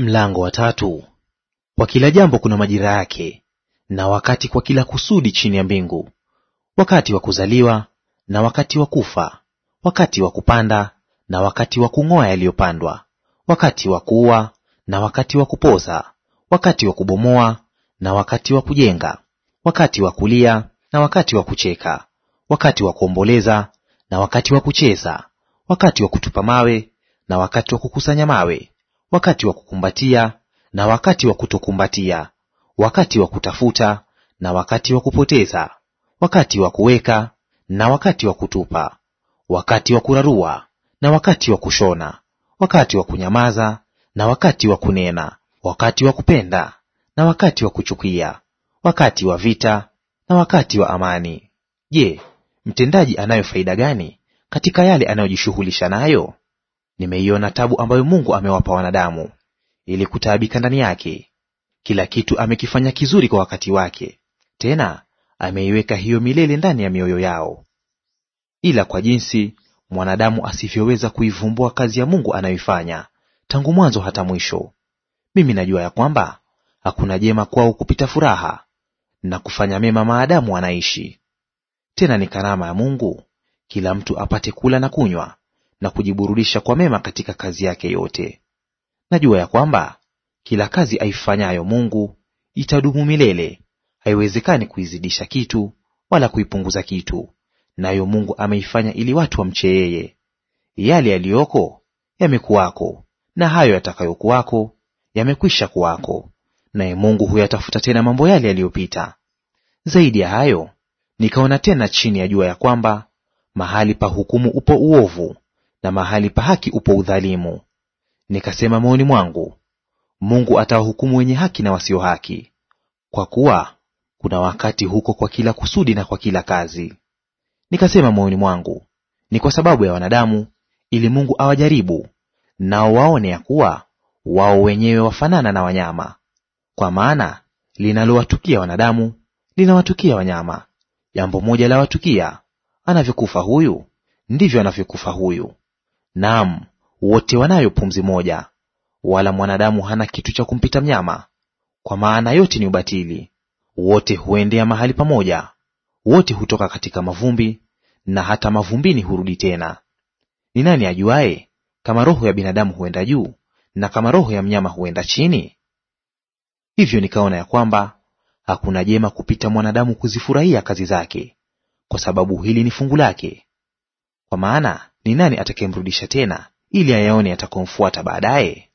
Mlango wa tatu. Kwa kila jambo kuna majira yake, na wakati kwa kila kusudi chini ya mbingu, wakati wa kuzaliwa na wakati wa kufa, wakati wa kupanda na wakati wa kung'oa yaliyopandwa, wakati wa kuua na wakati wa kupoza, wakati wa kubomoa na wakati wa kujenga, wakati wa kulia na wakati wa kucheka, wakati wa kuomboleza na wakati wa kucheza, wakati wa kutupa mawe na wakati wa kukusanya mawe wakati wa kukumbatia na wakati wa kutokumbatia, wakati wa kutafuta na wakati wa kupoteza, wakati wa kuweka na wakati wa kutupa, wakati wa kurarua na wakati wa kushona, wakati wa kunyamaza na wakati wa kunena, wakati wa kupenda na wakati wa kuchukia, wakati wa vita na wakati wa amani. Je, mtendaji anayo faida gani katika yale anayojishughulisha nayo? Nimeiona tabu ambayo Mungu amewapa wanadamu, ili kutaabika ndani yake. Kila kitu amekifanya kizuri kwa wakati wake, tena ameiweka hiyo milele ndani ya mioyo yao. Ila kwa jinsi mwanadamu asivyoweza kuivumbua kazi ya Mungu anayoifanya tangu mwanzo hata mwisho, mimi najua ya kwamba hakuna jema kwao kupita furaha na kufanya mema maadamu wanaishi. Tena ni karama ya Mungu kila mtu apate kula na kunywa na kujiburudisha kwa mema katika kazi yake yote. Najua ya kwamba kila kazi aifanyayo Mungu itadumu milele; haiwezekani kuizidisha kitu wala kuipunguza kitu, nayo Mungu ameifanya ili watu wamche yeye. Yale yaliyoko yamekuwako, na hayo yatakayokuwako yamekwisha kuwako, naye Mungu huyatafuta tena mambo yale yaliyopita. Zaidi ya hayo, nikaona tena chini ya jua ya kwamba mahali pa hukumu upo uovu, na mahali pa haki upo udhalimu. Nikasema moyoni mwangu, Mungu atawahukumu wenye haki na wasio haki, kwa kuwa kuna wakati huko kwa kila kusudi na kwa kila kazi. Nikasema moyoni mwangu, ni kwa sababu ya wanadamu, ili Mungu awajaribu, nao waone ya kuwa wao wenyewe wafanana na wanyama. Kwa maana linalowatukia wanadamu linawatukia wanyama; jambo moja la watukia, anavyokufa huyu ndivyo anavyokufa huyu. Naam, wote wanayo pumzi moja, wala mwanadamu hana kitu cha kumpita mnyama, kwa maana yote ni ubatili. Wote huendea mahali pamoja, wote hutoka katika mavumbi, na hata mavumbini hurudi tena. Ni nani ajuaye kama roho ya binadamu huenda juu na kama roho ya mnyama huenda chini? Hivyo nikaona ya kwamba hakuna jema kupita mwanadamu kuzifurahia kazi zake, kwa sababu hili ni fungu lake. Kwa maana ni nani atakayemrudisha tena ili ayaone atakomfuata baadaye?